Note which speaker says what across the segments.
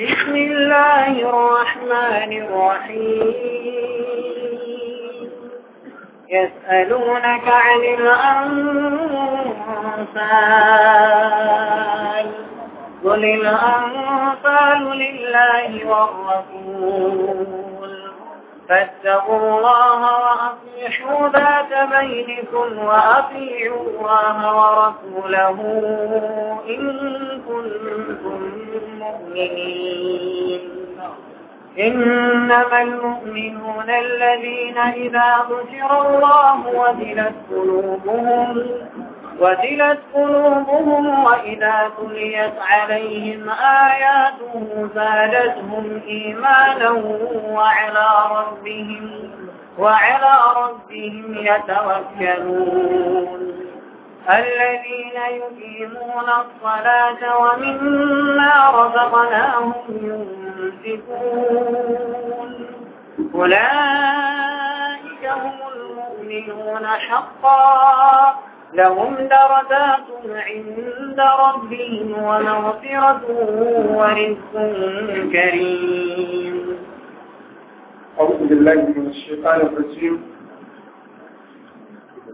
Speaker 1: بسم الله الرحمن الرحيم يسألونك عن الأنفال قل الأنفال لله والرسول فاتقوا الله وأصلحوا ذات بينكم وأطيعوا الله ورسوله إن كنتم مؤمنين إنما المؤمنون الذين إذا ذكر الله وجلت قلوبهم وزلت قلوبهم وإذا تليت عليهم آياته زادتهم إيمانا وعلى ربهم, وعلى ربهم يتوكلون الذين يقيمون الصلاة ومما رزقناهم ينفقون أولئك هم المؤمنون حقا لهم درجات عند ربهم ومغفرة ورزق كريم
Speaker 2: أعوذ بالله من الشيطان الرجيم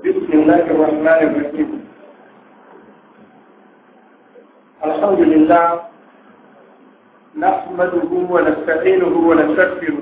Speaker 2: بسم الله الرحمن الرحيم الحمد لله نحمده ونستعينه ونستغفره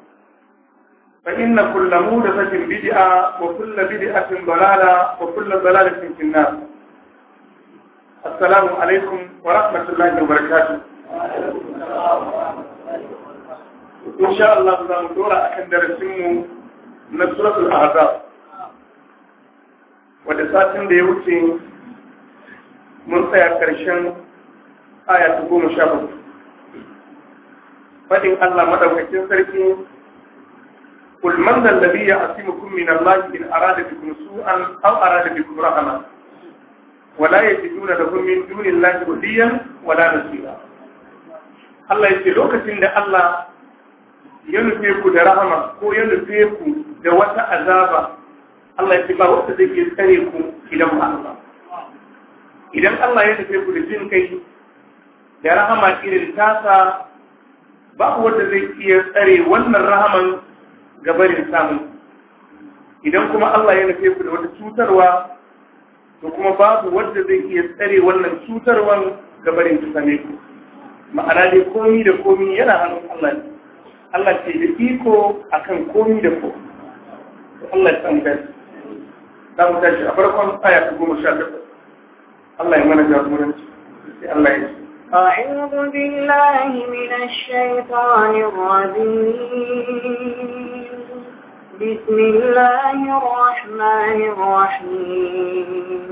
Speaker 2: فإن كل مودثة بدعة وكل بدعة ضلالة وكل ضلالة في النار السلام عليكم ورحمة الله وبركاته إن شاء الله بزام دورة أكن درسيم من سورة الأعذاب ودساتين ديوتي من سيكرشن آية تقوم شابه فإن الله مدى وحكي سركين قل من ذا الذي يعصمكم من الله إن أراد بكم سوءا أو أراد بكم رحمة ولا يجدون لهم من دون الله وليا ولا نصيرا Allah ya ce lokacin da Allah ya nufe ku da rahama ko ya nufe ku da wata azaba Allah ya ce ba zai iya tsare ku idan ba Allah idan Allah ya nufe ku da jin kai da rahama irin tasa babu wanda zai iya tsare wannan rahaman gabarin samun idan kuma Allah ya nufe ku da wata cutarwa to kuma babu wanda zai iya tsare wannan cutarwan gabarin ta same ku ma'ana dai komi da komi yana hannun Allah ne Allah ce da iko akan komi da komi Allah ya san gani za mu tashi a farkon aya ta goma sha takwas Allah ya mana jagoranci sai Allah ya ce
Speaker 1: أعوذ بالله من الشيطان الرجيم بسم الله الرحمن الرحيم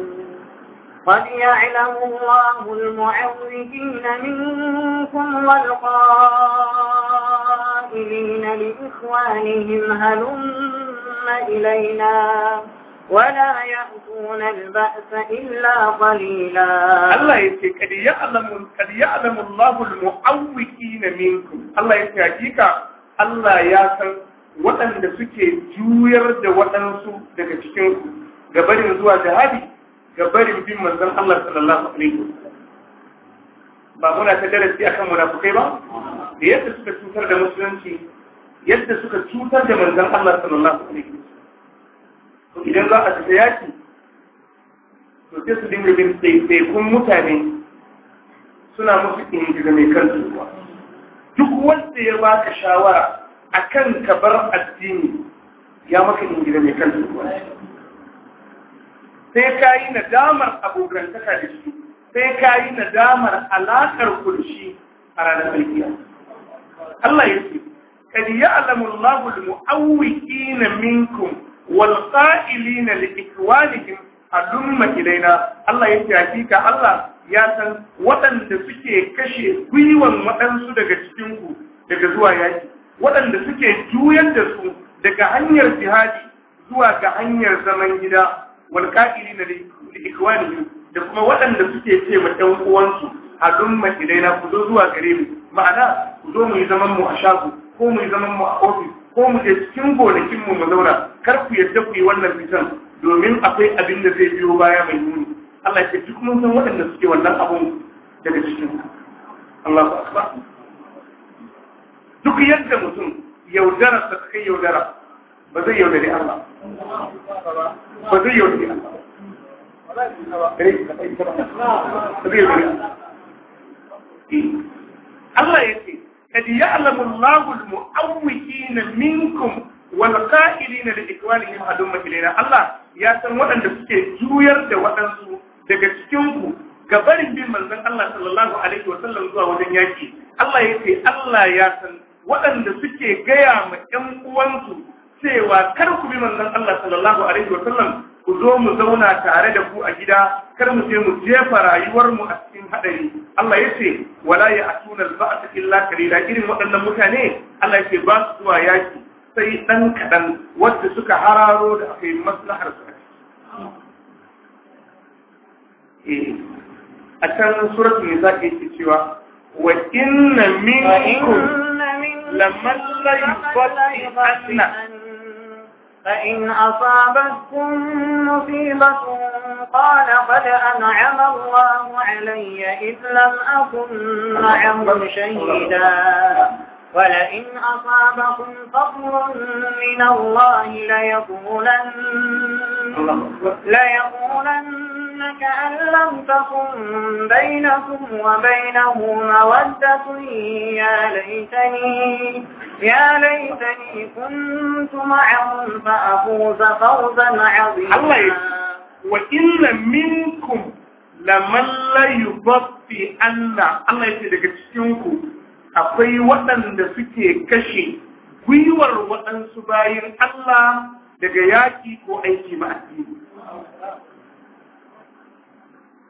Speaker 1: قد يعلم الله المعوذين منكم والقائلين لإخوانهم هلم إلينا ولا يأتون البأس إلا قليلا الله
Speaker 2: يسي قد يعلم, قد يعلم الله المعوذين منكم الله يسي الله يسي waɗanda suke juyar da waɗansu daga cikinsu ga barin zuwa jihadi ga barin bin manzon Allah sallallahu alaihi ba muna ta darasi akan munafukai ba da yadda suka cutar da musulunci yadda suka cutar da manzon Allah sallallahu alaihi wasallam idan za a tafi yaki to sai su dinga bin ɗaiɗaikun mutane suna musu injiga mai kansu duk wanda ya baka shawara akan ka bar addini ya maka yin gida mai kan sai ka yi nadamar abokantaka da shi sai ka yi nadamar alaƙar kulshi a ranar alkiya Allah ya ce kad ya'lamu Allahu al-mu'awwiqina minkum wal qa'ilina na ikwanihim alumma gidaina Allah ya ce ya fi ka Allah ya san waɗanda suke kashe gwiwan waɗansu daga cikinku daga zuwa yaki waɗanda suke juyar da su daga hanyar jihadi zuwa ga hanyar zaman gida wal ƙa'iri na ikwanihim da kuma waɗanda suke ce ma ɗan uwansu hadun ma ilaina ku zo zuwa gare mu ma'ana ku zo mu yi zaman mu a shago ko mu yi zaman mu a ofis ko mu je cikin gonakin mu mu zauna kar ku yadda ku yi wannan fitan domin akwai abin da zai biyo baya mai nuni Allah ya ce duk mun san waɗanda suke wannan abun daga cikin Allahu akbar duk yadda mutum yaudara ta kai yaudara ba zai yaudari Allah ba zai yaudari Allah Allah ya ce kad ya'lamu Allahu al minkum wal li ilayna Allah ya san waɗanda suke juyar da waɗansu daga cikinku ga barin bin manzon Allah sallallahu alaihi wa sallam zuwa wajen yaki Allah ya ce Allah ya san waɗanda suke gaya ma ‘yan uwansu cewa kar ku bi manzon Allah sallallahu alaihi wa sallam ku zo mu zauna tare da ku a gida kar mu je mu jefa rayuwarmu a cikin haɗari Allah ya ce wala ya atuna al-ba'sa illa kalila irin waɗannan mutane Allah ya ce ba su zuwa yaki sai ɗan kaɗan wanda suka hararo da aka maslahar su eh, a can suratul nisa yake cewa wa inna minkum
Speaker 1: لما ليفتح أن فإن أصابتكم مصيبة قال قد أنعم الله علي إذ لم أكن معهم شهيدا ولئن أصابكم فضل من الله ليقولن, ليقولن كأن لم تكن بينكم وبينه مودة يا ليتني يا ليتني كنت معهم فأفوز فوزا عظيما وإن منكم
Speaker 2: لمن لا يبطي أن الله يتدك تشينكم akwai waɗanda suke kashe gwiwar waɗansu bayan Allah daga yaƙi ko aiki ma'addini.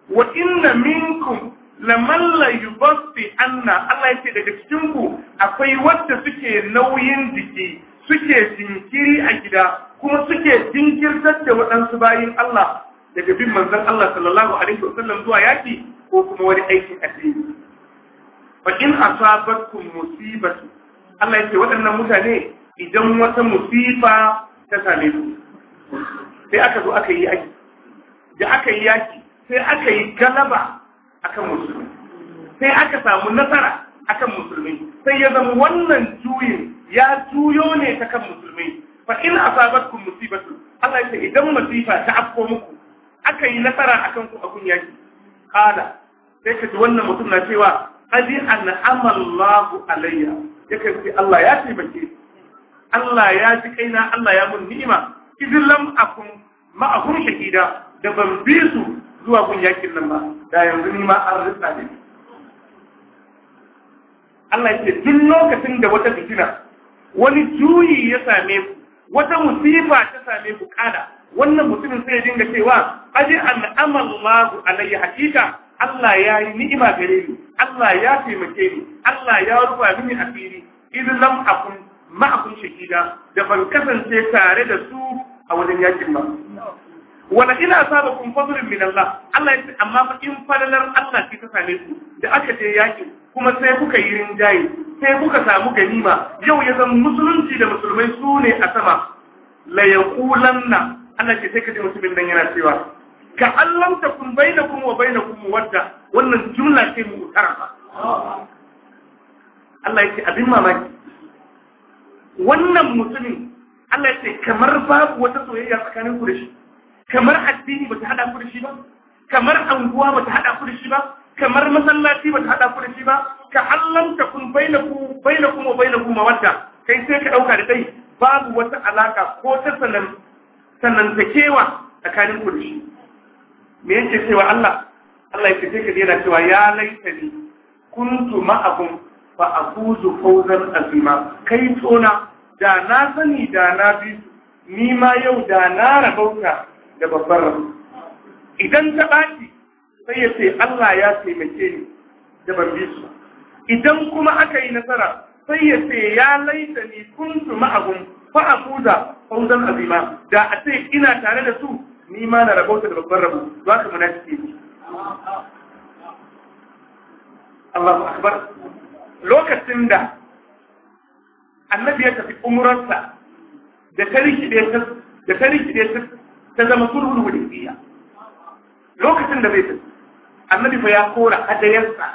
Speaker 2: wa inna minkum laman la yubassi anna Allah yake daga cikin ku akwai wanda suke nauyin jiki suke jinkiri a gida kuma suke jinkirtar da waɗansu bayin Allah daga bin manzon Allah sallallahu alaihi wasallam zuwa yaki ko kuma wani aikin addini fa in asabatkum musibatu Allah yake waɗannan mutane idan wata musifa ta same su sai aka zo aka yi aiki da aka yi yaki sai aka yi galaba akan musulmi sai aka samu nasara akan musulmi sai ya zama wannan juyin ya juyo ne ta kan musulmi fa in kun musibatu Allah ya idan masifa ta afko muku aka yi nasara akan ku a kun yaki kada sai ka ji wannan mutum na cewa qadi an'ama Allahu alayya yake ce Allah ya taimake Allah ya ji kaina Allah ya mun ni'ima idan lam akun ma'ahum shahida da ban bi su zuwa kun yakin nan ba, da yanzu ni ma an rinsa ne Allah ya ce duk lokacin da wata fitina wani juyi ya same ku wata musiba ta same ku kada wannan mutumin sai ya dinga cewa aje an'ama Allahu alayya hakika Allah ya yi ni'ima gare ni Allah ya taimake ni Allah ya rufa mini asiri idan lam akun akun shahida da ban kasance tare da su a wajen yakin ba wala ina saba kun fadlun min Allah Allah ya ce amma fa in falalar Allah ce ta same ku da aka je yaki kuma sai kuka yi rinjaye sai kuka samu ganima yau ya zama musulunci da musulmai su ne a sama la yaqulanna Allah ce sai ka ji musulmin nan yana cewa ka allam ta kun bainakum wa bainakum wadda wannan jumla ce mu tarafa Allah ya ce abin mamaki wannan mutumin Allah ya ce kamar babu wata soyayya tsakanin ku da shi kamar addini ba ta haɗa ku da shi ba kamar anguwa ba ta haɗa ku da shi ba kamar masallaci ba ta haɗa ku da shi ba ka ta kun bainaku baina ku ma wadda, kai sai ka ɗauka da kai babu wata alaka ko ta sanan kewa tsakanin ku da shi me yake cewa Allah Allah yake sai ka yana cewa ya laitani kuntu ma'akum fa akuzu fawzan azima kai tsona da na sani da na bi ni ma yau da na rabauta da babban rabu idan ta ɓaci sai ya ce Allah ya taimake ni da ban bi su idan kuma aka yi nasara sai ya ce ya laita ni su ma'ahum fa kuza fauzan azima da a ce ina tare da su ni ma na rabauta da babban rabu za ka munafiki ne Allahu akbar lokacin da annabi ya tafi umurarsa da ta rikide ta da ta rikide ta ta zama sulhul hudaybiya lokacin da bai tafi annabi fa ya kora hadayarsa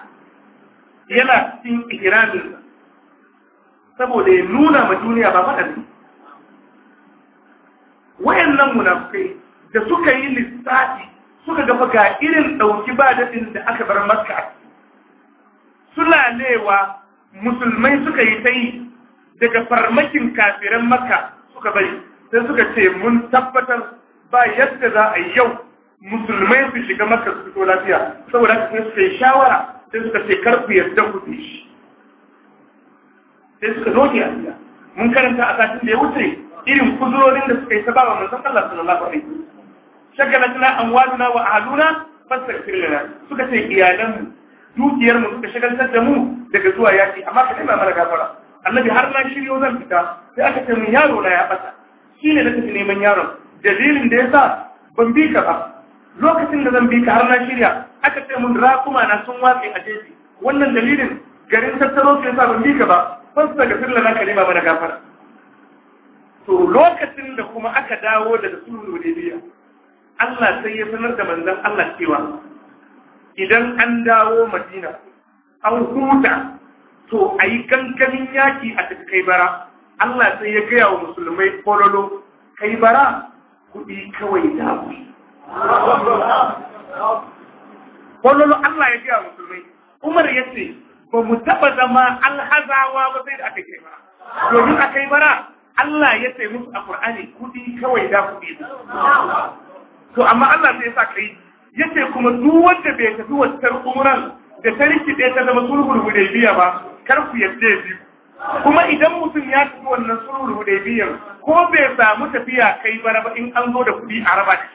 Speaker 2: yana cikin ihraminsa saboda ya nuna ma duniya ba faɗa ne wayannan munafikai da suka yi lissafi suka gafa ga irin ɗauki ba daɗin da aka bar makka sulalewa musulmai suka yi ta yi daga farmakin kafiran maka suka bari sai suka ce mun tabbatar ba yadda za a yi yau musulmai su shiga maka su fito lafiya saboda haka sai suka shawara sai suka ce kar ku yadda ku fi shi sai suka doke a biya mun karanta a satin da ya wuce irin kuzurorin da suka yi sababa manzon Allah sallallahu alaihi wasallam shagalatna amwaluna wa ahluna fastaghfir lana suka ce iyalanmu dukiyar mu suka shagaltar da mu daga zuwa yaki amma ka taimaka mana gafara annabi har na shiryo zan fita sai aka ce mun yaro na ya bata shine da tafi neman yaron dalilin da yasa ban bi ka ba lokacin da zan bi ka har na shirya aka ce mun rakuma na sun watsi a jeji wannan dalilin garin tattaro ke yasa ban bi ka ba su daga sirla na ka ba mana gafara to lokacin da kuma aka dawo daga sulhu hudaybiya Allah sai ya sanar da manzon Allah cewa idan an dawo Madina an huta to a yi gangamin yaki a tafi kai bara Allah sai ya gaya wa musulmai kololo kai bara kuɗi kawai da kuɗi kwallolo Allah ya biya musulmai Umar ya ce ba mu taɓa zama alhazawa ba sai da aka kai mara. domin aka yi bara Allah ya ce musu a Kur'ani, kuɗi kawai da kuɗi to amma Allah sai ya sa kai ya ce kuma duk wanda bai tafi wata umran da ta rikide ta zama sulhul biya ba kar ku yarda ya biyu kuma idan mutum ya tafi wannan sulhul hudaybiyar ko bai samu tafiya kai bara ba in an zo da kuɗi a raba da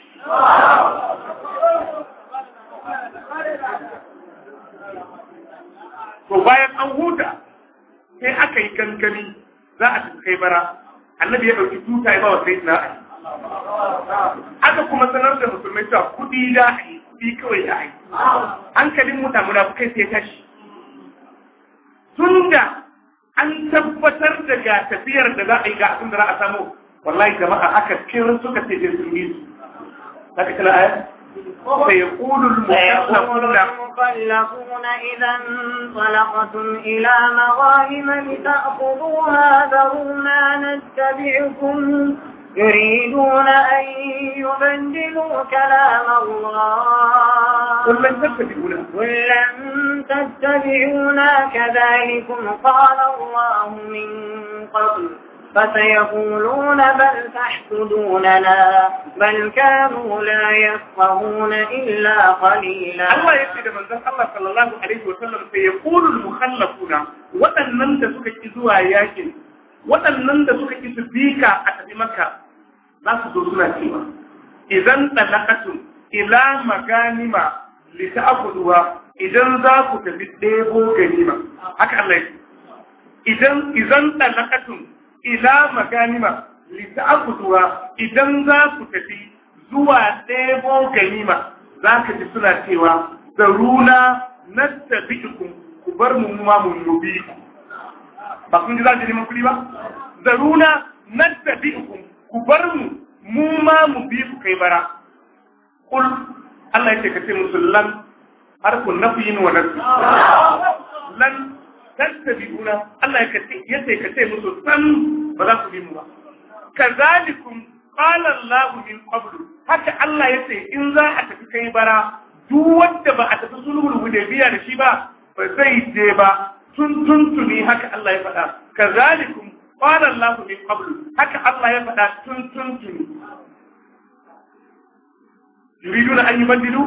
Speaker 2: to bayan an huta sai aka yi kankani za a tafi kai bara annabi ya ɗauki tuta ya ba wa sayyidina aka kuma sanar da musulmai cewa kuɗi da a yi kuɗi kawai da a yi hankalin mutane munafukai sai tashi tun da an tabbatar da ga tafiyar da za a yi ga abin da za a samu wallahi jama'a aka kirin suka ce sai sun yi su zaka kala aya
Speaker 3: فيقول المطلقون
Speaker 1: إذا انطلقتم إلى مغانم لتأخذوها ذرونا نتبعكم يريدون أن يبدلوا كلام الله قل لن تتبعونا قل لن تتبعونا كذلكم قال الله من قبل فسيقولون بل تحسدوننا بل كانوا لا يفقهون إلا قليلا الله
Speaker 2: يسيد من ذلك الله صلى الله عليه وسلم سيقول المخلفون وأن من تسكت زواياكم waɗannan da suka isa bika a tafi maka za su zo suna cewa idan talaqatum ila maganima akuduwa idan za ku tafi ɗebo ganima haka Allah ya idan idan talaqatum ila maganima akuduwa idan za ku tafi zuwa ɗebo ganima za ka ji suna cewa zaruna nattabi'ukum ku bar mu ma mu yubi ku ba kun ji za su neman kuɗi ba zaruna nattabi'ukum ku bar mu mu ma mu bi su kai bara kul Allah ya ce ka ce musu lan har ku harkun nafiyin wa nasu, lan tattabi'una Allah ya ce ka ce musu san ba za ku bi mu ba Ka kazalikum qala Allah min qablu haka Allah ya ce in za a tafi kai bara duk wanda ba a tafi sulhul hudaybiya da shi ba ba zai je ba Tuntuntuni haka Allah ya faɗa kazalikum qala Allah min qablu haka Allah ya faɗa tuntuntuni. tuntuni yuriduna an yi bandidu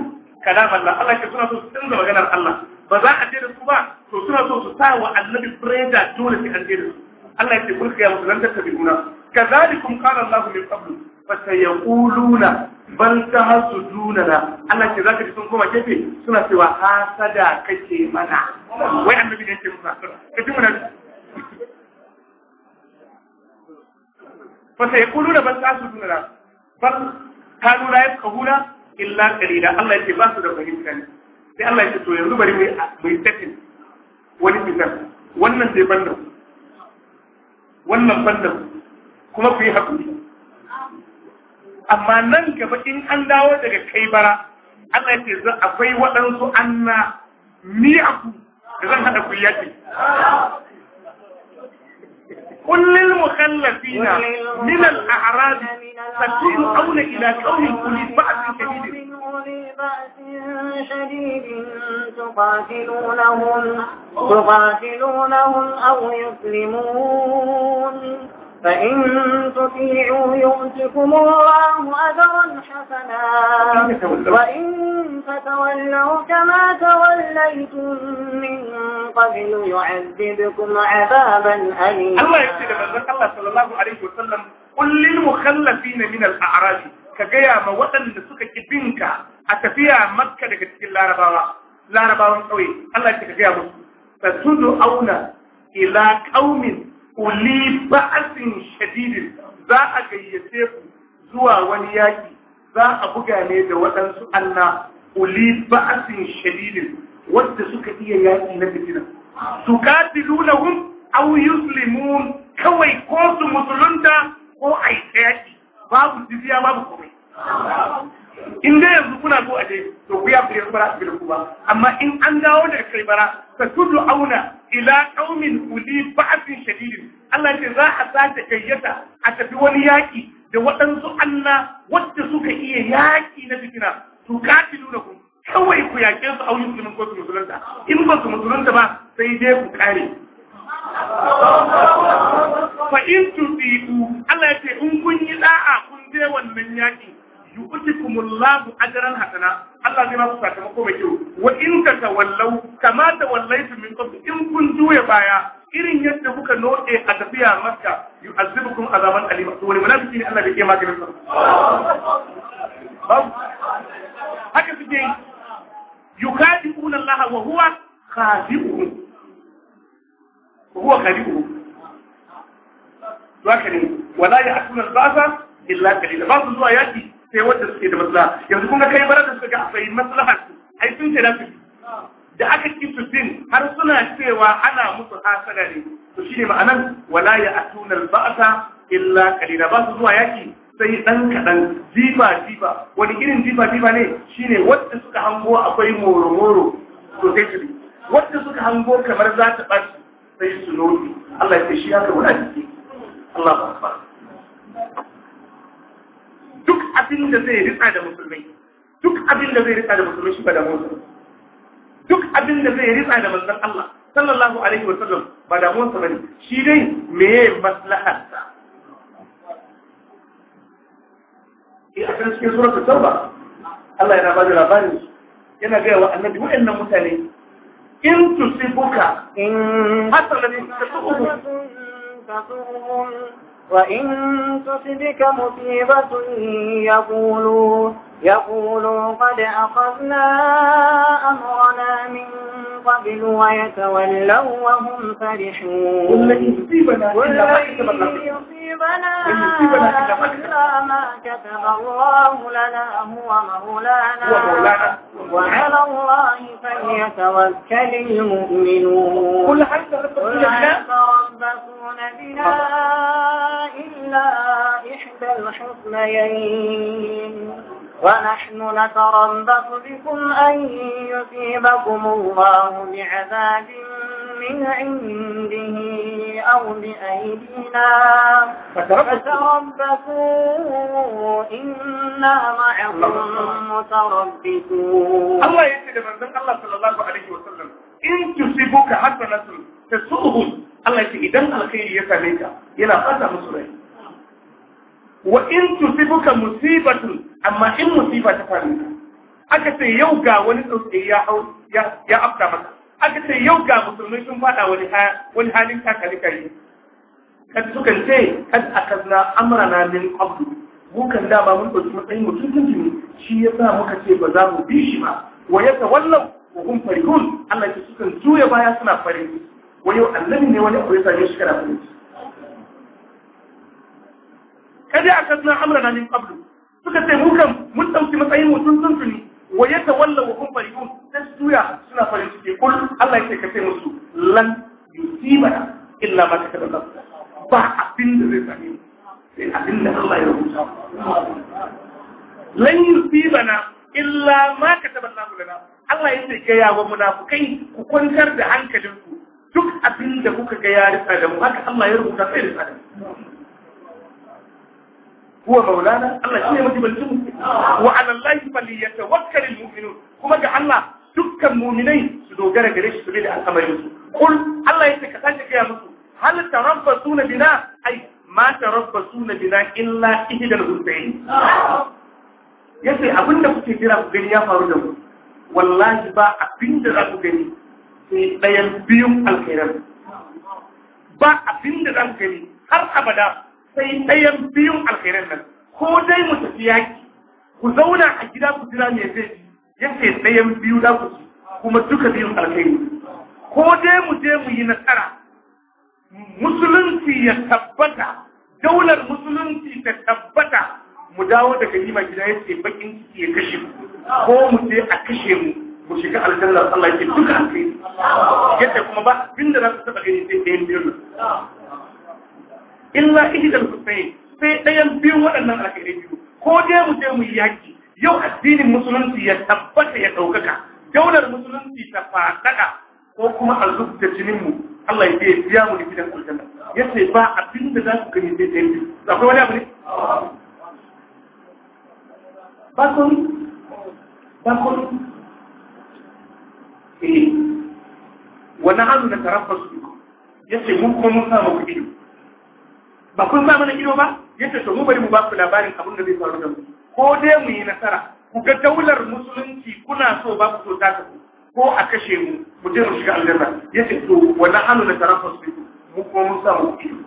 Speaker 2: kalam Allah Allah ke suna so su canza maganar Allah ba za a je da su ba to suna so su sa wa annabi breda dole sai an je da su Allah ya ce kulka ya musulunta tabi'una kazalikum qala Allah min qablu fasayaquluna bal dunana Allah ce za ka ji sun koma kefe suna cewa hasada kake mana wai an annabi ne yake musa ji muna fasayaquluna bal tahasuduna bal kanu la hula? illa qalila Allah yake ba su da fahimta ne sai Allah yake to yanzu bari mu mu wani fitar wannan sai bandan wannan bandan kuma ku yi hakuri amma nan gaba in an dawo daga kai bara Allah ce zan akwai waɗansu anna mi'aku da zan haɗa ku yaki kullil mukhallafina min al-a'rab satud'una ila qawmin
Speaker 1: uli ba'sin shadidin شديد تقاتلونهم تقاتلونهم أو يسلمون
Speaker 2: فإن
Speaker 1: تطيعوا يؤتكم الله أجرا حسنا وإن تتولوا كما توليتم من قبل يعذبكم عذابا
Speaker 2: أليما الله يكتب الله صلى الله عليه وسلم قل للمخلفين من الأعراج كجيا موطن وطن سكك أتفيا مكة لكتك لا رباوة قوي الله يكتب كجيا مسلم أولا إلى قوم uli ba'asin shadidin za a gayyace ku zuwa wani yaƙi za a buga ne da waɗansu anna uli ba'asin shadidin wanda suka iya yaƙi na fitina su qatilunahum aw yuslimun kawai ko su musulunta ko ai yaƙi babu jizya babu komai in dai yanzu kuna zo a dai to ku ya fi yanzu bara su ku ba amma in an dawo daga kai bara ka tudu auna ila qaumin uli ba'sin shadidin Allah ce za a sace gayyata a tafi wani yaƙi da waɗansu Allah wadda suka iya yaƙi na fitina to katilu da ku kawai ku yake su auna musulmin ko su musulunta in ba su musulunta ba sai dai ku kare fa in tudu Allah ya ce in kun yi da'a kun je wannan yaƙi. yu'tikum Allahu ajran hasana Allah zai ba ku sakamako mai kyau wa in ka tawallau kama tawallaitu min qabl in kun juya baya irin yadda kuka noke a tafiya Makka yu'azzibukum azaban alim to wani munafiki ne Allah bai iya maganin sa haka suke yukadi'una Allah wa huwa khadi'uhum wa huwa wala basa zuwa yaki sai wanda suke da matsala yanzu kun ga kai bara da suka ga akwai maslaha su ai sun ce da aka ki su din har suna cewa ana musu hasara ne to shine ma'anar wala ya atuna al-ba'sa illa qalila ba su zuwa yaki sai dan kadan jiba jiba wani irin jiba jiba ne shine wanda suka hango akwai moro moro to sai su wanda suka hango kamar za ta bashi sai su nodi Allah ya ce shi haka wani Allah ba duk abin da zai ritsa da musulmai duk abin da zai ritsa da musulmai shi ba damuwar su duk abin da zai ritsa da manzon Allah sallallahu alaihi wa sallam ba damuwar sa bane shi dai meye maslahar sa eh a cikin suratul tauba Allah yana ba da labarin yana ga wa annabi wa'annan mutane in tusibuka in hasalani
Speaker 1: tasuhu وإن تصبك مصيبة يقولوا يقولوا قد أخذنا أمرنا من قبل ويتولوا وهم فرحون قل يصيبنا إلا ما كتب الله لنا هو مولانا وعلى الله فليتوكل المؤمنون قل حتى ربكم بنا إلا إحدى الحسنيين ونحن نتربص بكم أن يصيبكم الله بعذاب من عنده أو بأيدينا فتربصوا إنا معكم متربصون الله يسير من الله
Speaker 2: صلى الله عليه وسلم إن تصيبك حسنة Ta tasuhum Allah ce idan alkhairi ya same ka yana fata musu rai wa in tusibuka musibatun amma in musiba ta same ka aka ce yau ga wani tsotsi ya hau ya afta maka aka ce yau ga musulmai sun fada wani wani halin kakali kai kan sukan ce kad akazna amrana min qablu mukan dama mun ɗauki matsayin mutum tuntuni shi ya sa muka ce ba za mu bi shi ba wa ya tawallau wa hum farihun Allah ya sukan juya baya suna farin wani annabi ne wani abu ya same shi kana kuma kada a kasna amrana min qablu suka ce mu kan mun dauki matsayin mutum tuntuni wa ya tawalla wa kun farihun sai su juya suna farin ciki kul Allah ya kace musu lan yusibana illa ma kataba ba abin da zai same mu sai abin da Allah ya rubuta lan yusibana illa ma kataba Allah lana Allah ya ce ga yawa munafukai ku kwantar da hankalinku duk abin da kuka ga ya rika da mu haka Allah ya rubuta sai rika da huwa maulana Allah shi ne majibancin mu wa ala Allah falyatawakkal almu'minun kuma ga Allah dukkan mu'minai su dogara gare shi su bi da al'amarin su kul Allah ya ce ka sake gaya musu hal tarabbasuna bina ai ma tarabbasuna bina illa ihdal husayn yace abinda kuke jira ku gani ya faru da mu wallahi ba abinda za ku gani sai ɗayan biyun alkhairan ba abin da zan gani har abada sai ɗayan biyun alkhairan nan ko dai mu tafi yaki ku zauna a gida ku jira me zai yake ɗayan biyu da ku kuma duka biyun alkhairi ko dai mu je mu yi nasara musulunci ya tabbata daular musulunci ta tabbata mu dawo daga nima gida ya ce bakin ciki ya kashe ko mu je a kashe mu ku shiga aljannar Allah yake duka alkhairi yadda kuma ba abin da za ku taɓa gani sai ɗayan biyun illa ihdal husayn sai ɗayan biyun waɗannan alkhairai biyu ko dai mu je mu yaki yau addinin musulunci ya tabbata ya ɗaukaka daular musulunci ta faɗaɗa ko kuma a zubta mu Allah ya ce biya mu da gidan aljanna ya ce ba abin da za ku gani sai ɗayan biyu akwai wani abu ne ba kun ba kun eh wannan hannu da tarabba su ya ce mun kuma mun samu ku ido ba kun sa mana ido ba ya ce to mu bari mu ba ku labarin abin da zai faru da mu ko dai mu yi nasara ku ga daular musulunci kuna so ba ku so ta ku ko a kashe mu mu je mu shiga aljanna ya ce to wannan hannu da tarabba su mu kuma mun samu ku ido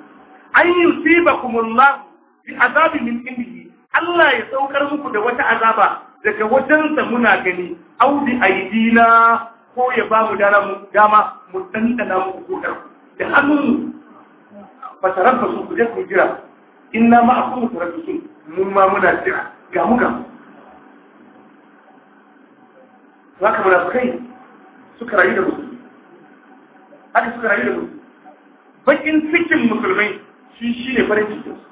Speaker 2: an yusibakumullahu bi azabi min indihi Allah ya saukar muku da wata azaba daga wajensa muna gani audi aidina ko ya ba mu dama mu dandana mu kudar da hannunmu ba ta rabba su ku je ku jira in na ma'afu mu tarar su mun ma muna jira ga mu ga za ka muna kai suka rayu da musulmi haka suka rayu da musulmi bakin cikin musulmai shi shi ne farin cikin su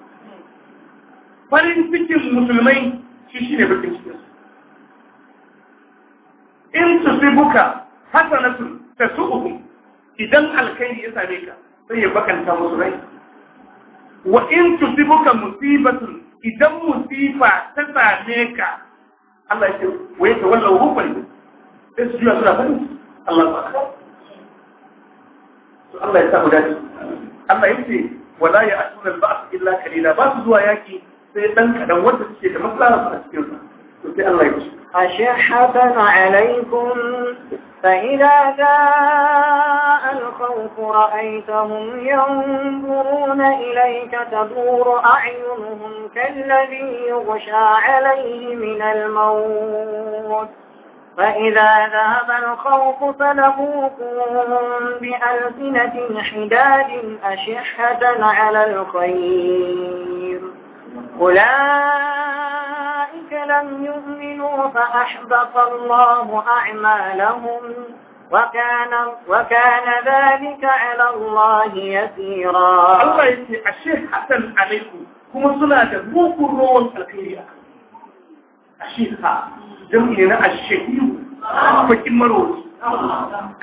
Speaker 2: farin cikin musulmai shi shi ne bakin cikin su in su buka hasanatun tasu'uhum idan alkhairi ya same ka sai ya bakanta musu rai wa in tusibuka musibatun idan musifa ta same ka Allah ya ce wa ya tawalla wa hukum sai su juya suna fadin Allah ba to Allah ya samu dace Allah ya ce wala ya asuna al-ba's illa kalila ba su zuwa yaki sai dan kadan wanda suke da
Speaker 1: maslaha a cikin su to sai Allah ya ce na alaikum فإذا جاء الخوف رأيتهم ينظرون إليك تدور أعينهم كالذي يغشى عليه من الموت فإذا ذهب الخوف فلقوكم بألسنة حداد أشحة على الخير أولئك كذلك لم يؤمنوا فأحبط الله أعمالهم وكان وكان ذلك على الله يسيرا الله
Speaker 2: يسير الشيخ حسن عليكم
Speaker 1: كما صلاة موكو رون الخيرية
Speaker 2: الشيخ جمعنا الشيخ فكين مروز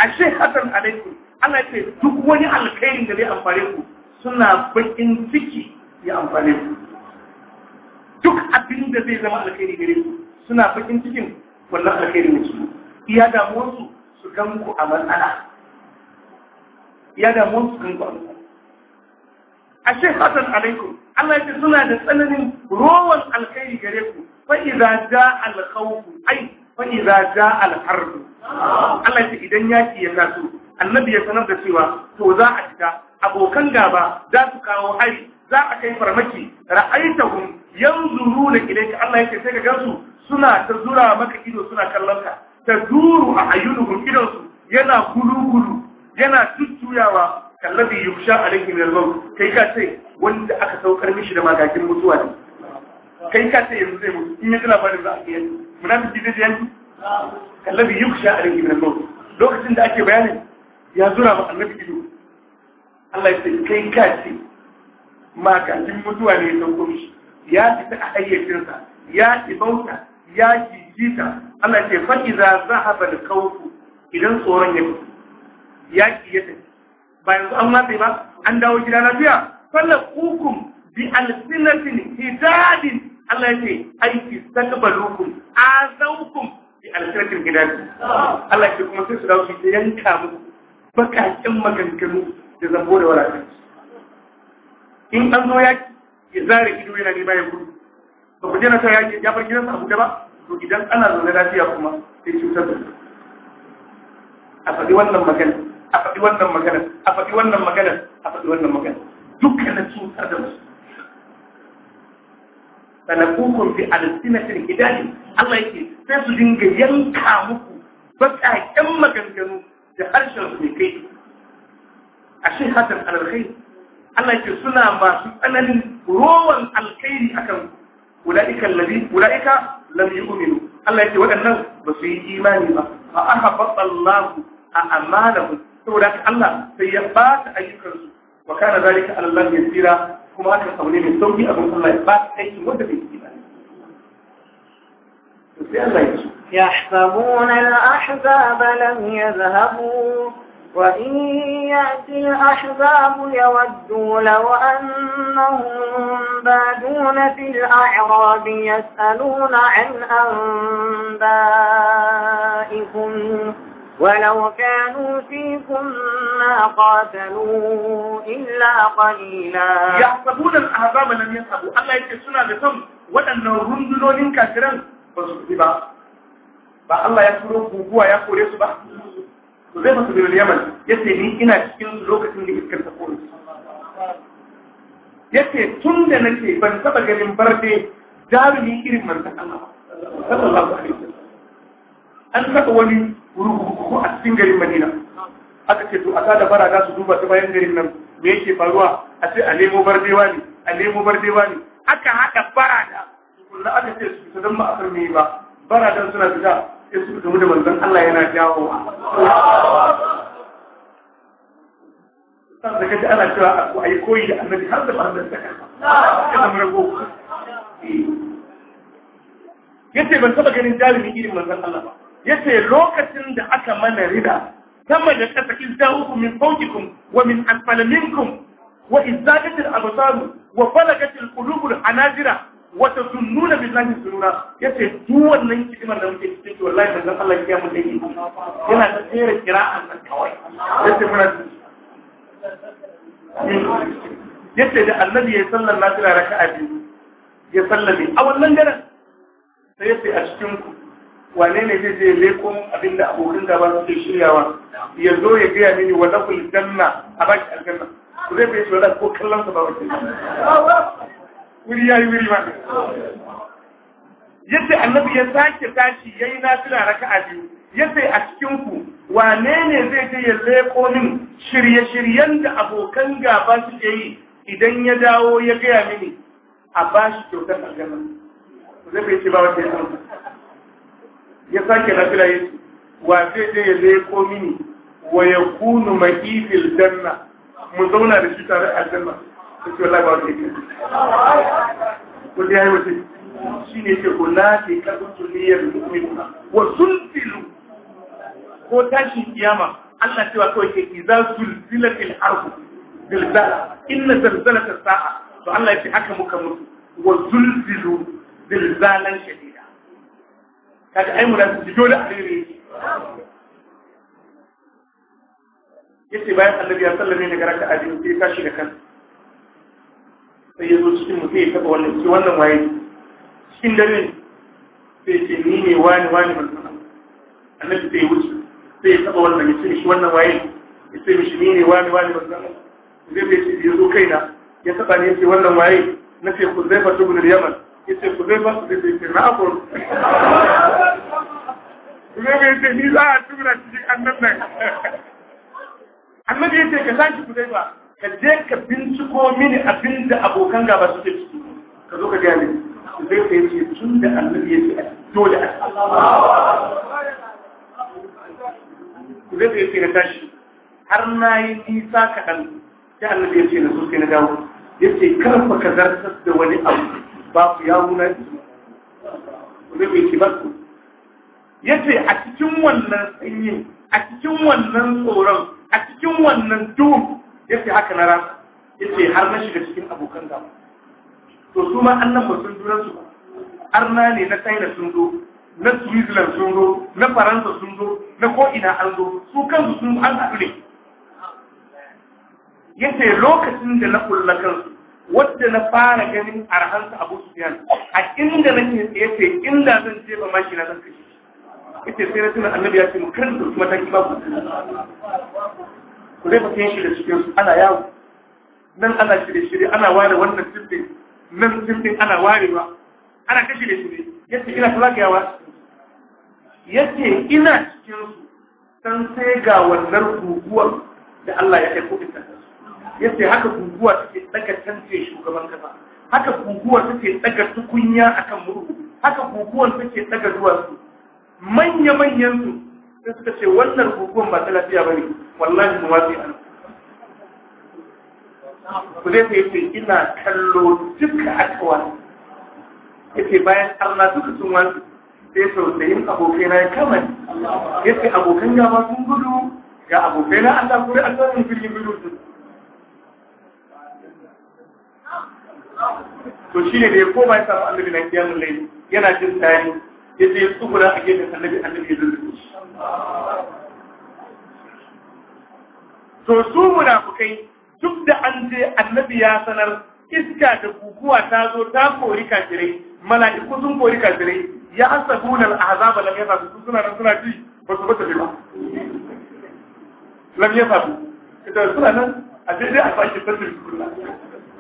Speaker 2: الشيخ حسن عليكم Allah ce duk wani alkhairin da zai amfane ku suna bakin ciki ya amfane ku duk abin da zai zama alkhairi gare su suna bakin cikin wannan alkhairi ne su iya damuwar su gan ku a matsala iya damuwarsu su gan ku a matsala a ce hasan alaikum Allah ya ce suna da tsananin rowan alkhairi gare ku fa iza ja alkhawfu ai fa iza ja alharbu Allah ya ce idan yaki ya taso annabi ya sanar da cewa to za a fita abokan gaba za su kawo hari za a kai farmaki ra'aitahum yanzuru da ilaika Allah yake sai ka gansu suna ta zura maka ido suna kallon ka ta duru a ayyunuhum idon su yana gulu-gulu yana tuttuyawa kallabi yi alaihi min al-maut kai ka ce wanda aka saukar mishi da magagin mutuwa ne kai ka ce yanzu zai mutu in yanzu labarin za a iya munafiki zai yanzu kallabi yuksha alaihi min al-maut lokacin da ake bayani ya zura ma annabi ido Allah ya ce kai ka ce magagin mutuwa ne ya sauko mishi ya fita a hayyacinsa ya bauta ya jita Allah ce fa iza zahaba al-khawfu idan tsoron ya yaki ya tafi ba yanzu an matsayi ba an dawo gida lafiya hukum bi alsinatin hidadin Allah ya ce aiki sakbalukum azawkum bi alsinatin hidadin Allah ya ce kuma sai su dawo su yanka muku bakakin maganganu da zambo da walakanci in an zo yaki ya zare ido yana nema ya gudu ba ku jana ta yaki ya bar gidansa abuja ba to idan ana zaune lafiya kuma sai cutar da a faɗi wannan magana a faɗi wannan magana a faɗi wannan magana a faɗi wannan magana dukkanin cutar da musu sanakukun fi alisinatin hidali Allah yake sai su dinga yanka muku baƙaƙen maganganu da harshen su mai kai a shi hasan alalkai Allah ke suna masu tsananin rowan alkhairi akan ulaika allazi ulaika lam yu'minu Allah yake waɗannan ba su yi imani ba fa ahabba Allahu a amanahum saboda Allah sai ya ba ta ayyukansu wa kana zalika ala ya yasira kuma hakan abu ne mai sauki abin Allah ya ba ta aikin wanda bai yi imani
Speaker 1: sai Allah ya ce يحسبون الأحزاب لم يذهبوا وإن يأتي الأحزاب يودوا لو أنهم بادون في الأعراب يسألون عن أنبائكم ولو كانوا فيكم ما قاتلوا إلا قليلا
Speaker 2: يحسبون الأحزاب لم يذهبوا الله يكسونا لكم وأن رندلون كثيرا فسبتبا فالله يسروا بوبوا يقول يسبا zai masu bin yaman ya ce ni ina cikin lokacin da iskar ta kone ya ce tun da na ce ban saba ganin barde jarumi irin manta Allah an saka wani rukuku a cikin garin Madina aka ce to a kada bara za su duba ta bayan garin nan me yake faruwa a ce a nemo bardewa ne a nemo bardewa ne aka haɗa barada tukunna aka ce su ta zama a me ba baradan suna fita sai su gamu da manzon Allah yana jawo sannan kaji ana cewa a yi koyi da annabi har da faran da ta kasa ya zama Ya ce ban taba ganin jarumi irin manzon Allah ba ce lokacin da aka mana rida sama da ƙasa, in ja'ukum min fawqikum wa min asfala minkum wa izzadat al-absar wa balagatil qulubul hanajira wata sunnuna billahi sunna yace duk wannan kidimar da muke cikin to wallahi manzon Allah ya mu dai yana da tsere kira'an nan kawai yace muna yace da annabi ya sallar nafila raka'a biyu ya sallame a wannan daren sai yace a cikin ku wane ne zai je leko abin da abokin gaba suke shiryawa ya zo ya gaya mini wa lakul janna a baki aljanna zai bai shi wala ko kallon sa ba wace wuri ya yi wuri ma yadda annabi ya sake tashi ya yi na nafila raka'a biyu yadda a cikinku wane ne zai je ya leko min shirye-shiryen da abokan gaba suke yi idan ya dawo ya gaya mini a ba shi kyautar aljanna zai bai ce ba wata ya ya sake lafila ya ce wa zai je ya leko mini wa ya kunu ma'ifil janna mu zauna da shi tare aljanna suke lagwa ke ko da shi ne ko ka wa ko kiyama Allah cewa kawai ke iza zulzilatil ardu zilzala inna zalzalatas sa'a to Allah ya ce haka muka mutu wa zulzilu zilzalan shadida kaga ai mun ji dole a ne. yace bayan annabi ya sallame ne ga raka'a sai tashi da kansa sai ya zo cikin mu sai ya taɓa wannan shi wannan waye cikin dare sai ce ni ne wani wani manzon annabi sai ya wuce sai ya taɓa wannan ya ce shi wannan waye ya ce mishi ni ne wani wani manzon zai bai ce ya zo kaina ya taɓa ne ya ce wannan waye na ce ku zai fata gudun yaman ya ce ku zai fata da zai ce na akwai ku zai bai ce ni za a tura cikin annan annabi ya ce ka sake ku zai ba ka je ka binciko mini abin da abokan gaba suke ciki ka zo ka gaya mini zai ka yace tun da annabi ya ce dole a zai ka yace na tashi har na yi nisa kaɗan sai annabi ya ce na sosai sai na dawo ya ce karfa ka zartar da wani abu ba ku ya muna zai ka yace ba ku ya ce a cikin wannan sanyin a cikin wannan tsoron a cikin wannan duhu yace haka na rasa ce har na shiga cikin abokan gaba to su ma annan ba sun duran su arna ne na China sun zo na Switzerland sun zo na Faransa sun zo na ko ina an zo su kansu sun an haɗu ne ce lokacin da na kulla kansu wadda na fara ganin arhansa Abu Sufyan a inda na nake ce inda zan je ba mashi na zan kashe ita sai na tuna annabi ya ce mu kan da mataki babu ku zai mutum shirye shirye su ana yawo nan ana shirye shirye ana ware wannan tsibbin nan tsibbin ana warewa ana kashi shirye shirye yadda ina talagayawa yadda ina cikin su san sai ga wannan guguwar da Allah ya kai ko ita yadda haka guguwa take daga tantance shugaban kasa haka guguwa take daga tukunya akan murhu haka guguwar take daga duwatsu manya manyan su sai suka ce wannan hukumar ba ta lafiya ba ne wallahi mu watsi a ku zai ta yace ina kallo duka ya ce bayan Allah duka sun wasu? sai tausayin abokaina ya kama ni ce abokan gaba sun gudu ga abokaina Allah kuri an samu jirgin gudu to shine da ya koma ya samu annabi na kiyamun yana jin tani yace ya tsubura a gefen annabi annabi ya zurfi to su munafukai duk da an je annabi ya sanar iska da guguwa ta zo ta kori kafirai mala'iku sun kori kafirai ya asabuna al'azab lam yasabu suna nan suna ji ba su bata ba lam sabu, ita suna nan a daidai a sake su kula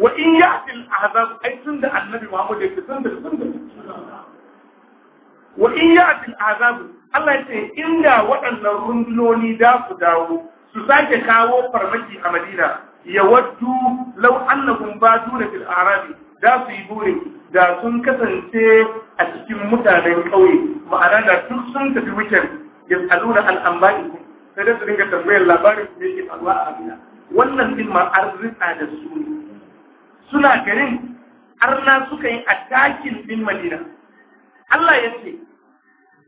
Speaker 2: wa in ya'ti al'azab ai tun da annabi Muhammad ya ce tun da tun da wa in ya'ti al'azab Allah ce inda waɗannan rundunoni da su dawo su sake kawo farmaki a Madina ya waddu law annahum baduna fil arabi da su yi burin da sun kasance a cikin mutanen ƙauye ma'ana da duk sun tafi wikin yas'aluna an anba'ikum sai da su dinga tambayar labarin su yake faruwa a Madina wannan din ma arzika da su ne suna garin arna suka yi attacking din Madina Allah ya ce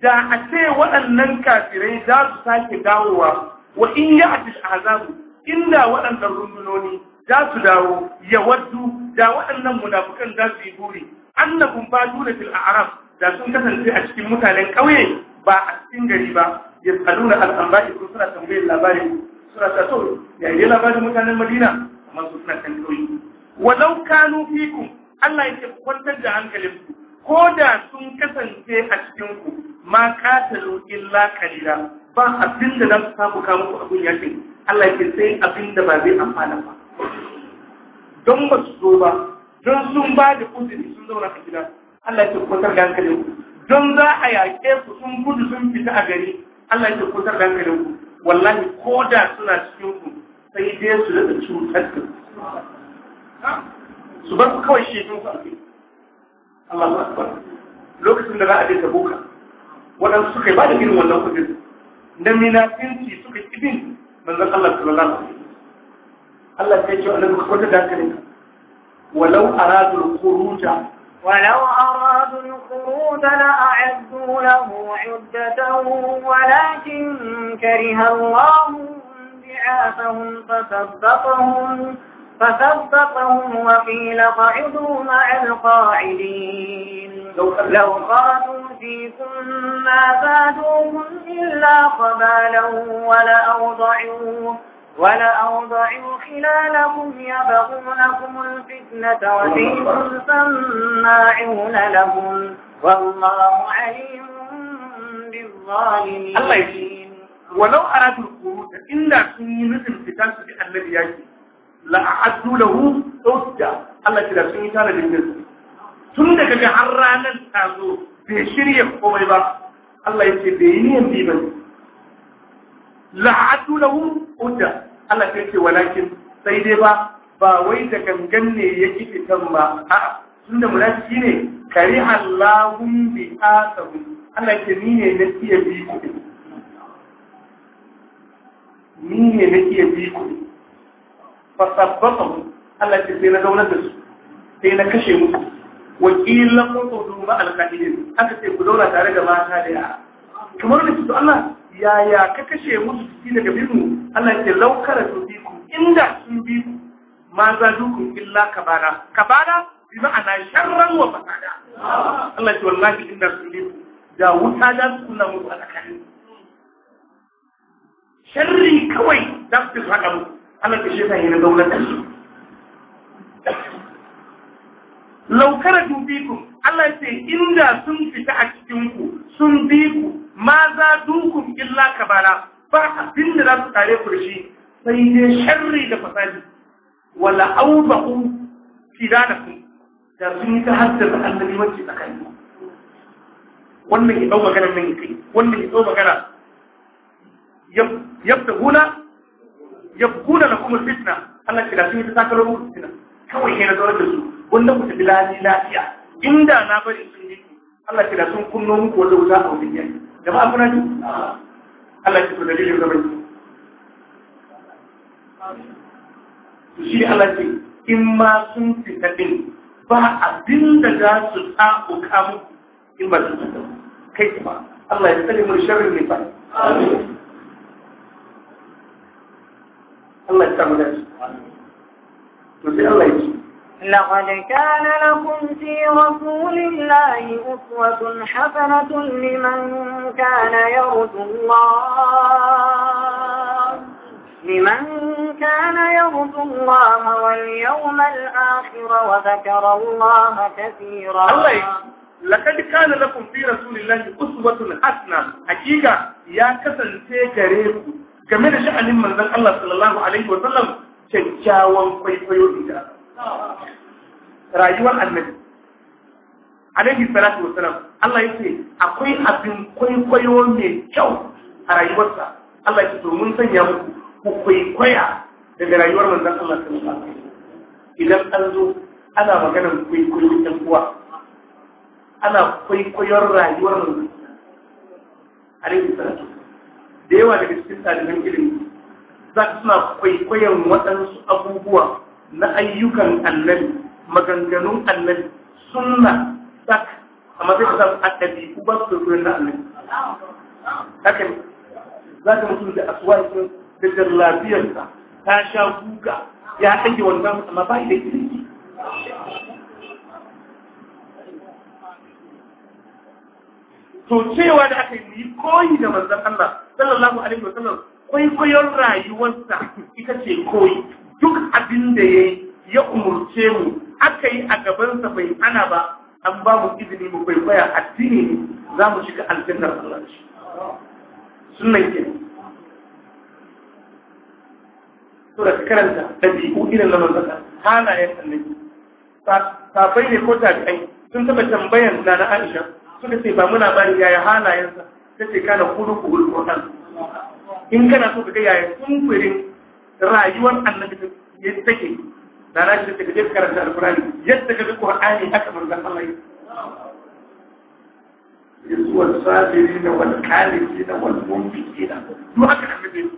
Speaker 2: da a ce waɗannan kafirai za su sake dawowa wa in ya a azabu inda waɗannan rundunoni za su dawo ya waddu da waɗannan munafukan za su yi buri annabin annahum baduna fil a'rab da sun kasance a cikin mutanen ƙauye ba a cikin gari ba yasaluna al-anba'i ko suna tambayar labarin suna ta so ya yi labarin mutanen Madina amma su suna kan ƙauye walau kanu fikum Allah ya ce kwantar da hankalinku ko da sun kasance a cikin ku ma katalu illa kalila ba abin da za samu ka muku abin yakin Allah ke sai abin da ba zai amfana ba don ba su zo ba don sun ba da uzuri sun zauna a gida Allah ke kwatar da hankalin ku don za a yaƙe ku sun gudu sun fita a gari Allah ke kwatar da hankalin ku wallahi ko da suna cikin ku sai dai su da cutar da su ba su kawai shekun ku a lokacin da za a je tabuka waɗansu suka yi ba da irin wannan kudin na minafinci
Speaker 1: suka kibin
Speaker 2: manzon Allah sallallahu lalata. Allah ta ya ce annabi ka kwata dankalin walau aradul khuruja
Speaker 1: walau aradul na la a'addu lahu 'uddatan walakin kari kariha Allah bi'athahum fasabbaqahum فصدقهم وقيل قعدوا مع القاعدين لو خرجوا فيكم ما زادوكم إلا قبالا ولأوضعوا ولأوضعوا خلالهم يبغونكم الفتنة وفيكم سماعون لهم
Speaker 2: والله
Speaker 1: عليم بالظالمين الله
Speaker 2: يسلمك ولو أرادوا الخروج إلا في مثل فتاة النبي يجري la a'addu lahu usda Allah ya sun yi tana din tun daga ga har ranar ta zo bai shirya komai ba Allah ya ce bai yi niyan bi ba la a'addu lahu usda Allah ya ce walakin sai dai ba ba wai da gangan ne ya ki fitan ba a'a tunda munafiki ne kari Allahun bi asabu Allah ya ni ne na iya bi kuɗi ni ne na iya bi kuɗi fasabbahu Allah ce sai na da su sai na kashe musu wakilan mutu ma alqadirin aka ce ku zauna tare da mata da yara kamar da su Allah yaya ka kashe musu su daga birnu Allah ce laukara su bi ku inda sun bi ku ma za dukun illa kabara kabara bi ma'ana sharran wa fasada Allah ce wallahi inda sun bi da wuta da su na musu a tsakanin sharri kawai da su haka musu ana ka shi yi na zaunar da shi laukara dubikun Allah ce inda sun fita a cikinku sun bi ku ma za dukun illa kabala ba abin da za su tare ku shi sai dai sharri da fasadi wala aubahu fidanakum da sun yi ta haddasa annabi wacce tsakani wannan ya dau magana nan kai wannan ya dau magana yabda huna yabkuna lakum fitna Allah ya sun yi ta sakalo muku fitna kawai ne na zaune da su wanda ku tafi lafiya inda na bari sun yi Allah ya sun kunno muku wanda wuta a wajen yanki jama'a kuna ji Allah ya so dalilin zaman ki shi Allah ya in ma sun fita din ba abin da za su tsaɓuka muku in ba su fita kai ba Allah ya tsare mu sharrin ne ba amin الله يسامو داشي الله يجي
Speaker 1: لقد كان لكم في رسول الله أسوة حسنة لمن كان يرجو الله لمن كان يرجو الله واليوم الآخر وذكر الله كثيرا لقد كان لكم
Speaker 2: في رسول الله أسوة حسنة حقيقة يا كسن كريم game da sha'anin manzan Allah sallallahu alaihi wa kyakkyawan kwaikwayo ita rayuwar annabi alaihi salatu wa salam Allah ce akwai abin kwaikwayo mai kyau a rayuwarsa Allah yake domin sanya muku ku kwaikwaya daga rayuwar manzan Allah sallallahu alaihi idan an zo ana maganar kwaikwayo ɗan uwa ana kwaikwayon rayuwar manzon alaihi salatu da yawa daga cikin ɗaliban ilimi za ka suna kwaikwayon waɗansu abubuwa na ayyukan annabi maganganun annabi sunna tsak, a matsayin da a ku ba su kwaikwayon na annabi haka ne za ka mutum da asuwakin da jarlabiyarsa ta sha guga ya ɗage wannan amma ba da ilimi. to cewa da aka yi koyi da manzan Allah sallallahu alaihi wasallam kwaikwayon rayuwarsa ita ce koyi duk abin da ya ya umurce mu aka yi a gabansa bai ana ba an ba mu izini mu kwaikwaya addini ne za mu shiga aljannar Allah shi sunan ke to da karanta dabi'u irin na manzon halayen ta bai ne ko kai sun taba tambayan na na Aisha suka ce ba muna bari yaya halayensa ta kana kudu ku wuri ƙoran in kana so ka ga yaya kumfurin rayuwar annabi ya take da na shi take jefi karanta alqur'ani yadda ka ga qur'ani haka manzan Allah yi yanzu wani sabiri wal wani kaliki na wani duk haka ka fi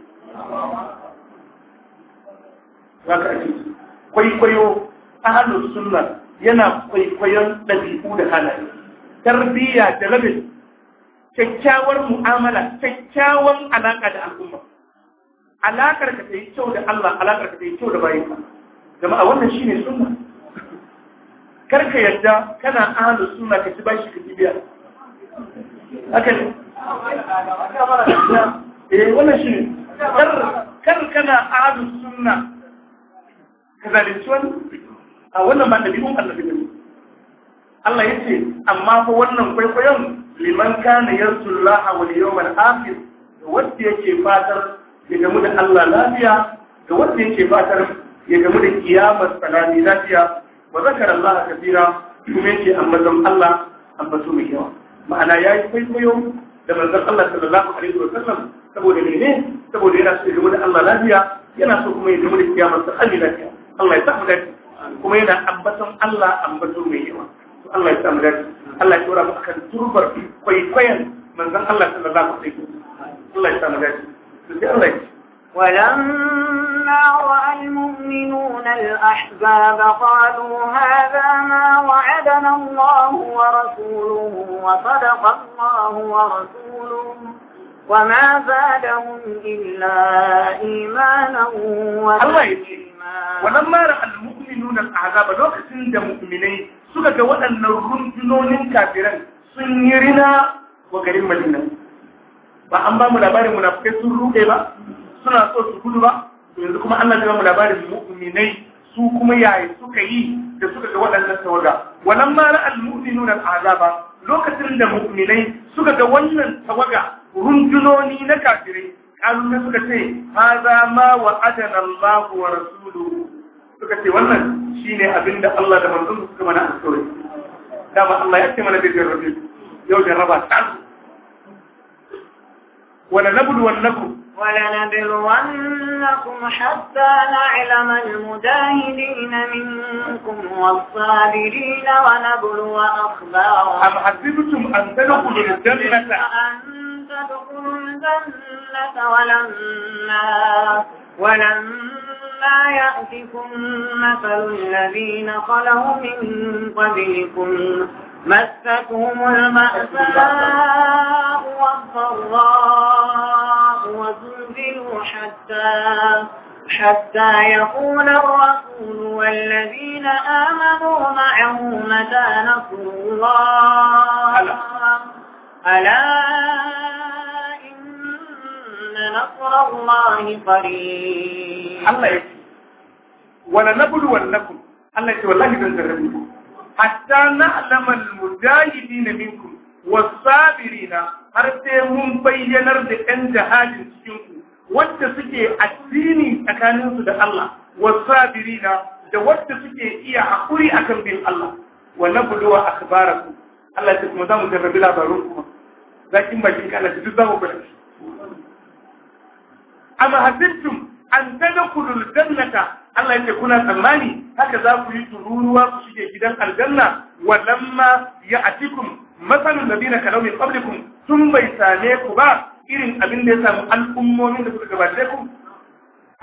Speaker 2: za ka ake kwaikwayo ahalus sunna yana kwaikwayon ɗabi'u da halaye tarbiyya da rabin kyakkyawar mu'amala kyakkyawan alaka da al'umma alakar ka ta yi kyau da Allah alakar ka ta yi kyau da bayanka a wannan shine sunna karka yadda kana ahlus sunna ka ci bashi ka biya haka ne eh wannan shine kar kar kana ahlus sunna ka zalunci wani a wannan ba ɗabi'un Allah ne Allah ya ce amma fa wannan kwaikwayon liman laha wani wal yawmal da wanda yake fatar ya gamu da Allah lafiya da wanda yake fatar ya gamu da kiyamar salami lafiya wa zakara Allah kabira kuma yake ambaton Allah ambato mai yawa ma'ana ya yi kwaikwayo da manzon Allah sallallahu alaihi wa sallam saboda mene saboda yana so ya gamu da Allah lafiya yana so kuma ya gamu da kiyamar salami lafiya Allah ya sa mu dace kuma yana ambaton Allah ambato mai yawa الله ya الله dace Allah ya tura mu akan turbar
Speaker 1: ولما رأى المؤمنون الأحزاب قالوا هذا ما وعدنا الله ورسوله وصدق الله ورسوله وما زادهم إلا إيمانا الله ولما رأى المؤمنون
Speaker 2: الأحزاب كنت مؤمنين suka ga waɗannan rundunonin kafiran sun yi rina wa garin Madina. Ba an ba mu labarin munafukai sun ruɗe ba, suna so su gudu ba, to yanzu kuma Allah ya ba mu labarin mu'minai su kuma yayi suka yi da suka ga waɗannan tawaga. Walan ma ra'al mu'minuna ba. lokacin da mu'minai suka ga wannan tawaga rundunoni na kafirai, ƙalun suka ce, "Haza ma wa'adana Allah wa rasuluhu suka ce wannan shine abin da Allah da manzon suka mana alƙawari dama Allah ya ce mana zai jarrabe yau
Speaker 1: jarraba ta wala nabluwannakum ولنبلونكم حتى نعلم المجاهدين منكم والصابرين ونبلو أخبارهم أم حسبتم أن تدخلوا الجنة أن تدخلوا الجنة ولما ولما يَأْتِكُم مَّثَلُ الَّذِينَ خَلَوْا مِن قَبْلِكُم مَّسَّتْهُمُ الْبَأْسَاءُ وَالضَّرَّاءُ وَزُلْزِلُوا حَتَّىٰ حتى يقول الرسول والذين آمنوا معه متى نصر الله ألا إن نصر الله قريب wala nabulu wannakum
Speaker 2: Allah ce wallahi zan jarrabe ku hatta na'lama al-mujahidina minkum was-sabirina har sai mun bayyanar da ɗan jihadin cikin ku wanda suke addini tsakanin su da Allah was-sabirina da wanda suke iya hakuri akan bin Allah wa nabluwa akhbarakum Allah ce kuma za mu jarrabi labarun kuma zakin bakin ka Allah duk za mu bari amma hasibtum an tadkhulul jannata Allah yake kuna tsammani haka za ku yi tururuwa ku shige gidan aljanna walamma ya atikum masalul ladina kalau min qablikum tun bai same ku ba irin abin da ya samu al'ummomin da suka gabace ku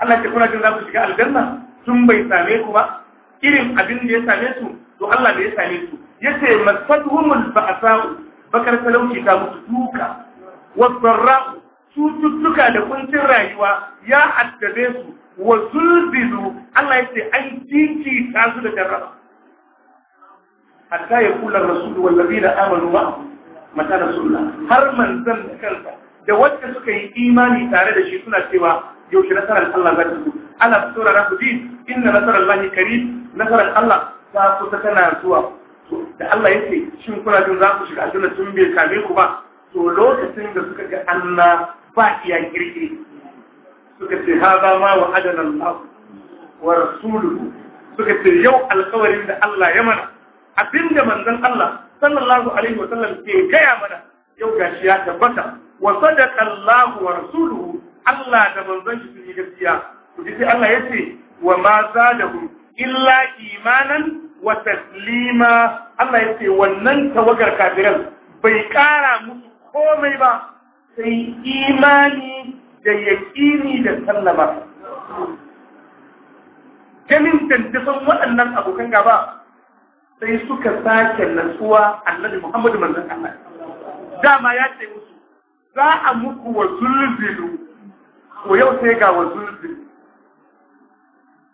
Speaker 2: Allah yake kuna jin za ku shiga aljanna tun bai same ku ba irin abin da ya same su to Allah da ya same su yace masatuhumul ba'sa bakar talauci ta mutu duka wasarra'u cututtuka da kuncin rayuwa ya addabe su wa zulzilu Allah ya ce an jinki ta su da jarraba hatta ya kula rasul wal ladina amanu ma mata rasulullah har manzon da kansa da wanda suka yi imani tare da shi suna cewa yaushe nasarar Allah za ta zo ana saurara ku inna nasarar Allah karim nasarar Allah ta kusa tana zuwa da Allah yake shin kuna jin za ku shiga aljanna tun bai kame ku ba to lokacin da suka ga Allah ba iya kirkiri suka ce haza ma wa adana wa rasuluhu suka ce yau alkawarin da Allah ya mana abinda manzon Allah sallallahu alaihi wa sallam ke gaya mana yau gashi ya tabbata wa sadaqa Allah wa rasuluhu Allah da manzon shi sun yi gaskiya ku ji sai Allah ya ce wa ma zadahum illa imanan wa taslima Allah ya ce wannan tawagar kafiran bai kara musu komai ba sai imani da yaƙini da sallama ganin dandasan waɗannan abokan gaba sai suka sake natsuwa annabi Muhammadu Manzan Allah dama ya ce musu za a muku wa zulzulu ko yau sai ga wa zulzulu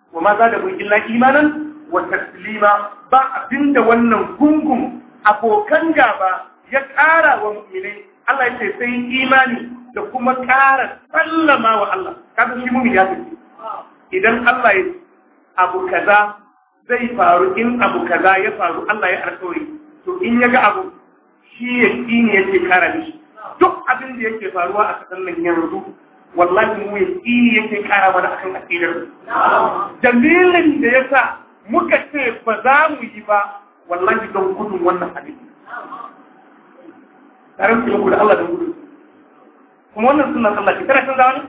Speaker 2: Wama za da mun illa imanin wa taslima ba abinda wannan gungun abokan gaba ya ƙara wa mu'minai Allah ya ce sai imani da kuma ƙara sallama wa Allah kada shi mumin ya tafi idan Allah ya abu kaza zai faru in abu kaza ya faru Allah ya alƙawari to in ya ga abu shi ya shi ne yake kara mishi duk abin da yake faruwa a kasan nan yanzu wallahi mu ya shi ya yake kara mana akan akidar dalilin da yasa muka ce ba za mu yi ba wallahi don gudun wannan hadisi. na rantsi muku da Allah da gudu kuma wannan suna sallah ce tana canzawa ne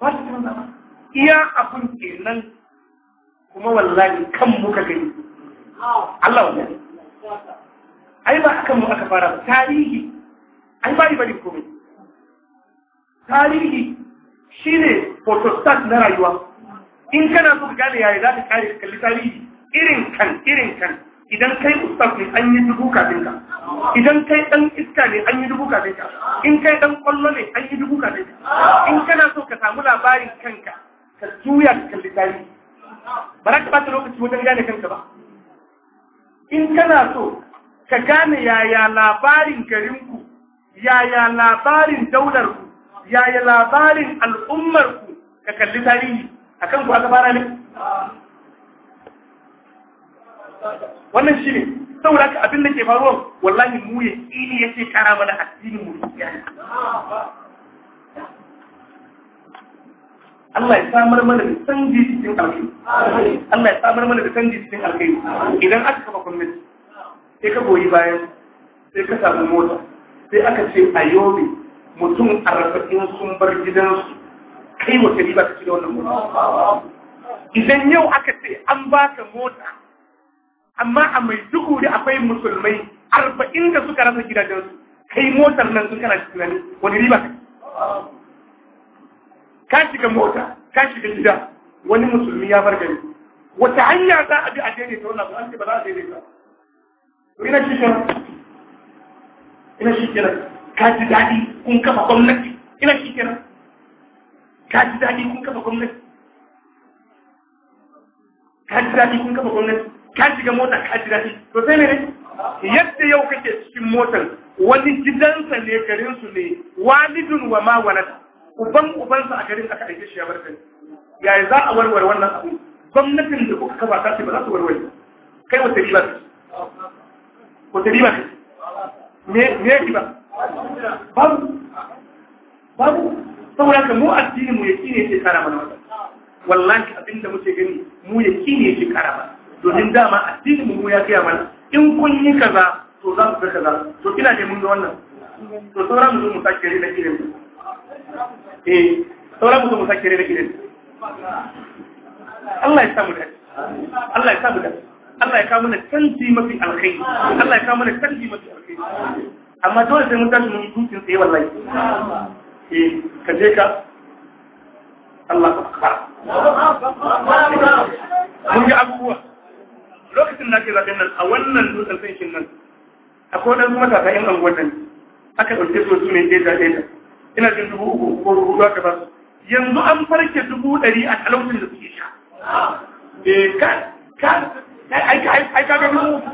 Speaker 2: ba ta canzawa iya abun kenan kuma wallahi kan muka gani Allah wallahi ai ba akan mu aka fara tarihi ai ba ibadin komai tarihi shine photostat na rayuwa in kana so ka gane yaya za ka kare kalli tarihi irin kan irin kan idan kai ustaz ne an yi dubu kafin ka idan kai dan iska ne an yi dubu kafin ka in kai dan kwallo ne an yi dubu kafin ka in kana so ka samu labarin kanka ka juya ka kalli tarihi ba za ka ta lokaci wajen gane kanka ba in kana so ka gane yaya labarin garinku yaya labarin daularku yaya labarin al'ummarku ka kalli tarihi akan ku aka fara ne wannan shi ne saboda haka abin da ke faruwa wallahi mu ya ini ya ce kara mana addinin mu Allah ya samar mana da canji cikin alkai Allah ya samar mana da canji cikin alkai idan aka kafa gwamnati sai ka goyi bayan sai ka samu mota sai aka ce a yobe mutum arba'in sun bar gidansu kai wata riba ka ci da wannan mota idan yau aka ce an baka mota amma a mai duhu da akwai musulmai arba'in da suka rasa gidajensu kai motar nan sun kana tunani wani riba kai ka shiga mota ka shiga gida wani musulmi ya bar gari wata hanya za a bi a ta wannan ba an ce ba za a ta to ina shi ina shi kenan ka ji daɗi kun kafa gwamnati ina shi kenan ka ji daɗi kun kafa gwamnati ka ji daɗi kun kafa gwamnati ka shiga mota ka shiga daɗi. to sai ne yadda yau kake cikin motar wani gidansa ne garinsu ne walidun wa ma wala uban ubansa a garin aka aike shi ya barka yaya za a warware wannan abu gwamnatin da kuka kafa ta ce ba za su warware kai wata riba ce wata riba
Speaker 3: ce
Speaker 2: me me riba babu babu saboda ka mu addini mu yake ne ke kara mana wannan wallahi abinda muke gani mu yake ne ke kara mana domin dama cikin mu ya kai mana in kun yi kaza to za ku kaza to ina da mun ga wannan to sauran mu mu sake rina irin eh sauran mu mu sake rina irin Allah ya samu da Allah ya samu da Allah ya kawo mana canji mafi alkhairi Allah ya kawo mana canji mafi alkhairi amma dole sai mun tashi mun dutsin sai wallahi eh ka je ka Allah akbar mun ga abubuwa lokacin na ke zaɓen nan a wannan dutsen sankin nan akwai wadansu matasa yan anguwan aka ɗauke su su ne ɗaya ɗaya ina jin dubu uku ko dubu aka ba su yanzu an farke dubu ɗari a talautin da suke sha eh ka ka ai ka ga dubu uku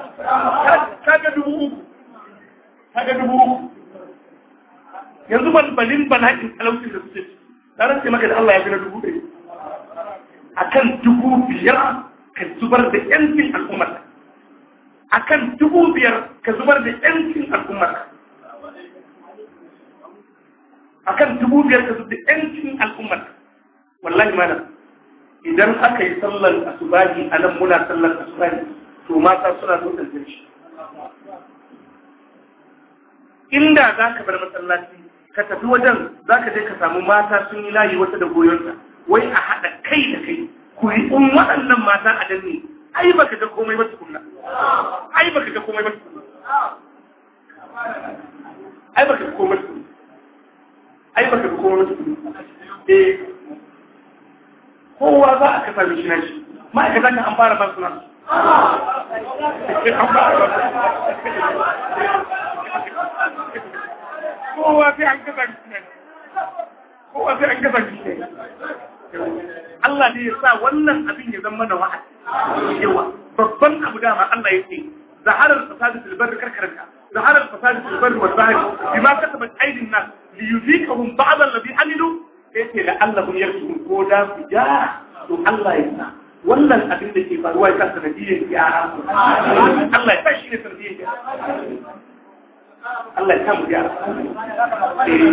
Speaker 2: ka ga dubu uku ka ga dubu uku yanzu ban balin bala'in talautin da suke sha ranar ce maka da Allah ya fi na dubu ɗari a kan dubu biyar kan zubar da yancin al'ummar a kan dubu biyar ka zubar da yancin al'ummar a kan dubu biyar ka zubar da yancin al'ummar wallahi mana idan aka yi sallar asubahi a nan muna sallar asubahi to mata suna so tsantar shi inda za ka bar masallaci ka tafi wajen za ka je ka samu mata sun yi layi wata da goyonta wai a haɗa kai da kai kuri'un waɗannan mata a danne ai baka ga komai ba tukunna ai baka ga komai ba tukunna ai baka ga komai tukunna ai baka ga komai tukunna eh kowa za a kasa mishi nashi ma'aikata kan an fara ba su nan an fara ba su kowa sai an kasa mishi nashi kowa sai an kasa mishi nashi Allah ne ya sa wannan abin ya zama na wa'azi yawa babban abu dama Allah ya ce zaharar fasadi fil barri karkarka zaharar fasadi fil barri na bahri bima kasabat aydin nas li yuzikahum ba'd alladhi da yace la allahum yarjun ko da su ja to Allah ya sa wannan abin da ke faruwa ya sa sanadiyyar ya Allah ya sa shi ne sanadiyyar ya
Speaker 3: Allah ya sa mu ya eh,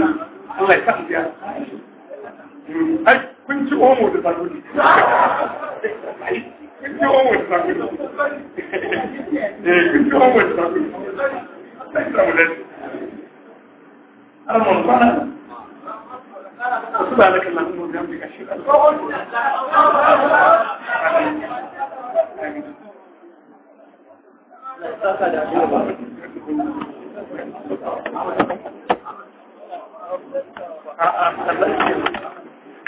Speaker 3: Allah ya sa
Speaker 2: mu ya ai kun omo da sakuni kun omo da